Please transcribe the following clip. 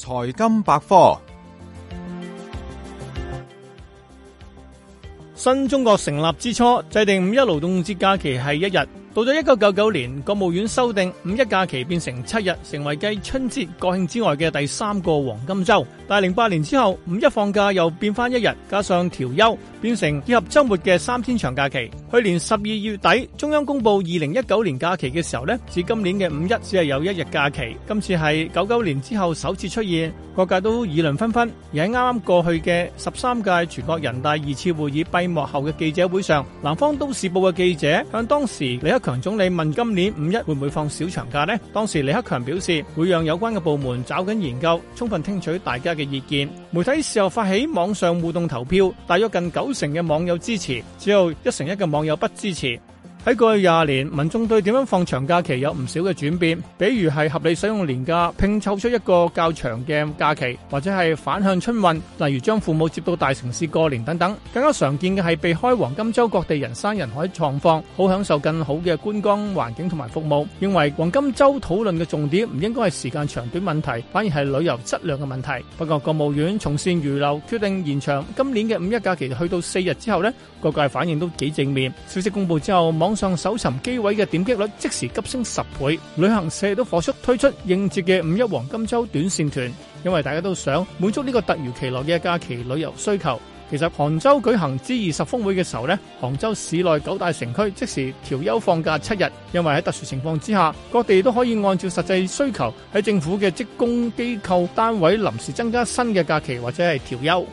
財金百科：新中國成立之初，制定五一勞動節假期係一日。到咗一九九九年，國務院修訂五一假期變成七日，成為繼春節、國慶之外嘅第三個黃金周。但零八年之後，五一放假又變翻一日，加上調休，變成結合周末嘅三天長假期。去年十二月底，中央公布二零一九年假期嘅時候呢，指今年嘅五一只係有一日假期。今次係九九年之後首次出現，各界都議論紛紛。而喺啱啱過去嘅十三屆全國人大二次會議閉幕後嘅記者會上，南方都市報嘅記者向當時李克強總理問今年五一會唔會放小長假呢？當時李克強表示，會讓有關嘅部門抓緊研究，充分聽取大家嘅意見。媒體事後發起網上互動投票，大約近九成嘅網友支持，只有一成一嘅網友不支持。喺過去廿年，民眾對點樣放長假期有唔少嘅轉變，比如係合理使用年假，拼湊出一個較長嘅假期，或者係反向春運，例如將父母接到大城市過年等等。更加常見嘅係避開黃金周各地人山人海狀況，好享受更好嘅觀光環境同埋服務。認為黃金周討論嘅重點唔應該係時間長短問題，反而係旅遊質量嘅問題。不過國務院從善如流，決定延長今年嘅五一假期去到四日之後咧，各界反應都幾正面。消息公布之後，網網上搜尋機位嘅點擊率即時急升十倍，旅行社都火速推出應節嘅五一黃金周短綫團，因為大家都想滿足呢個突如其來嘅假期旅遊需求。其實杭州舉行 G20 峰會嘅時候呢，杭州市內九大城區即時調休放假七日，因為喺特殊情況之下，各地都可以按照實際需求喺政府嘅職工機構單位臨時增加新嘅假期或者係調休。